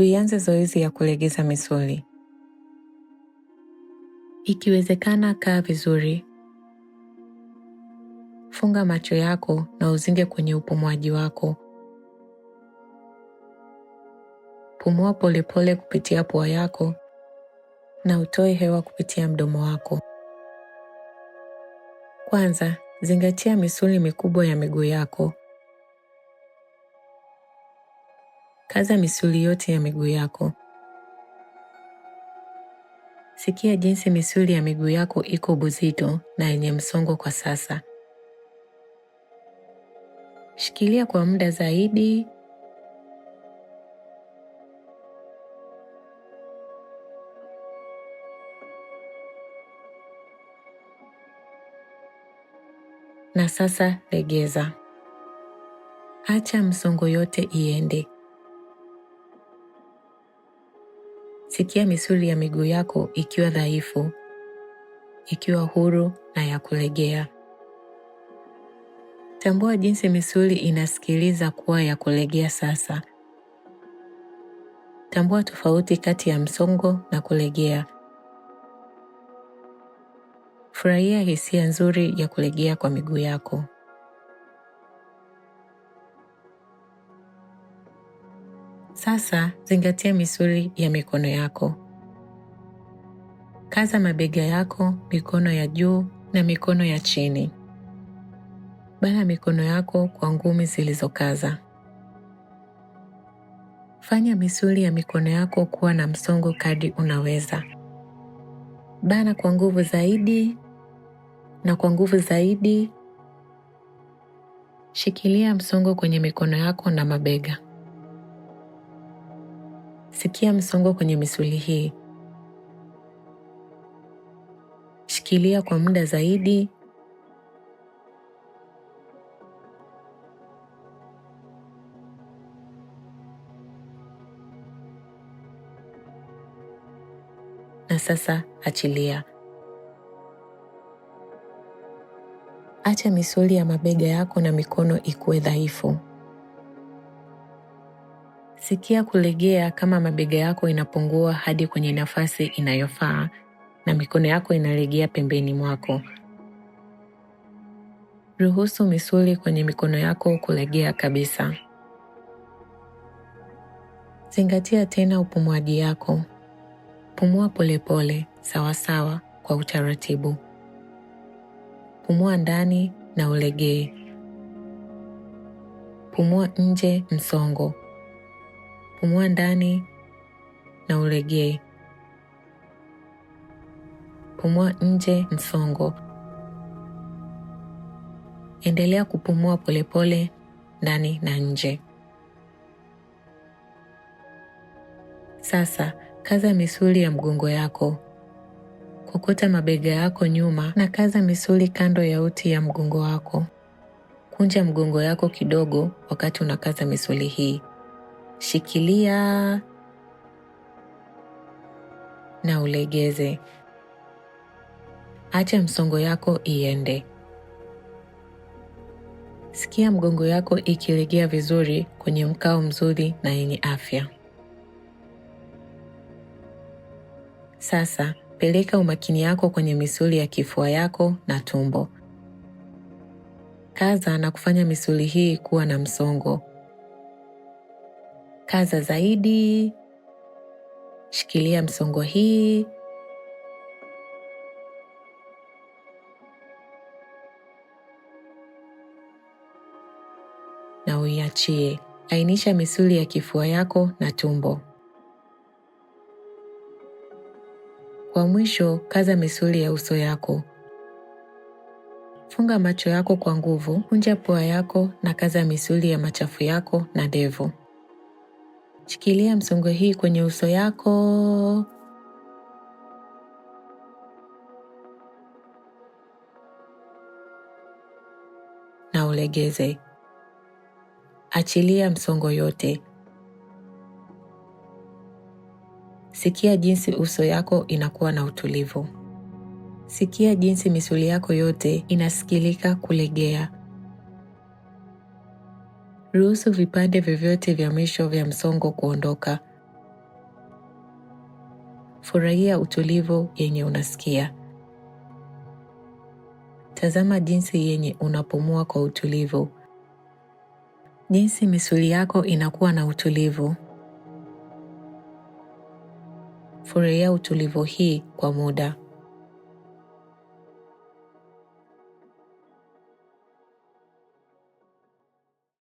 tuianze zoezi ya kulegeza misuli. Ikiwezekana, kaa vizuri, funga macho yako na uzinge kwenye upumuaji wako. Pumua polepole kupitia pua yako na utoe hewa kupitia mdomo wako. Kwanza, zingatia misuli mikubwa ya miguu yako. Kaza misuli yote ya miguu yako. Sikia jinsi misuli ya miguu yako iko buzito na yenye msongo kwa sasa. Shikilia kwa muda zaidi. Na sasa legeza. Acha msongo yote iende. Sikia misuli ya miguu yako ikiwa dhaifu, ikiwa huru na ya kulegea. Tambua jinsi misuli inasikiliza kuwa ya kulegea sasa. Tambua tofauti kati ya msongo na kulegea. Furahia hisia nzuri ya kulegea kwa miguu yako. Sasa zingatia misuli ya mikono yako. Kaza mabega yako, mikono ya juu na mikono ya chini. Bana mikono yako kwa ngumi zilizokaza. Fanya misuli ya mikono yako kuwa na msongo kadri unaweza. Bana kwa nguvu zaidi na kwa nguvu zaidi. Shikilia msongo kwenye mikono yako na mabega. Sikia msongo kwenye misuli hii. Shikilia kwa muda zaidi. Na sasa achilia. Acha misuli ya mabega yako na mikono ikuwe dhaifu. Sikia kulegea kama mabega yako inapungua hadi kwenye nafasi inayofaa na mikono yako inalegea pembeni mwako. Ruhusu misuli kwenye mikono yako kulegea kabisa. Zingatia tena upumuaji yako. Pumua polepole, sawasawa, kwa utaratibu. Pumua ndani na ulegee. Pumua nje msongo pumua ndani na ulegee. Pumua nje msongo. Endelea kupumua polepole ndani na nje. Sasa kaza misuli ya mgongo yako. Kokota mabega yako nyuma na kaza misuli kando ya uti ya mgongo wako. Kunja mgongo yako kidogo wakati unakaza misuli hii shikilia na ulegeze. Acha msongo yako iende. Sikia mgongo yako ikilegea vizuri kwenye mkao mzuri na yenye afya. Sasa peleka umakini yako kwenye misuli ya kifua yako na tumbo. Kaza na kufanya misuli hii kuwa na msongo kaza zaidi, shikilia msongo hii. Na uiachie. Ainisha misuli ya kifua yako na tumbo. Kwa mwisho, kaza misuli ya uso yako. Funga macho yako kwa nguvu, kunja pua yako na kaza misuli ya machafu yako na ndevu. Shikilia msongo hii kwenye uso yako. Na ulegeze. Achilia msongo yote. Sikia jinsi uso yako inakuwa na utulivu. Sikia jinsi misuli yako yote inasikilika kulegea ruhusu vipande vyovyote vya mwisho vya msongo kuondoka. Furahia utulivu yenye unasikia. Tazama jinsi yenye unapumua kwa utulivu, jinsi misuli yako inakuwa na utulivu. Furahia utulivu hii kwa muda.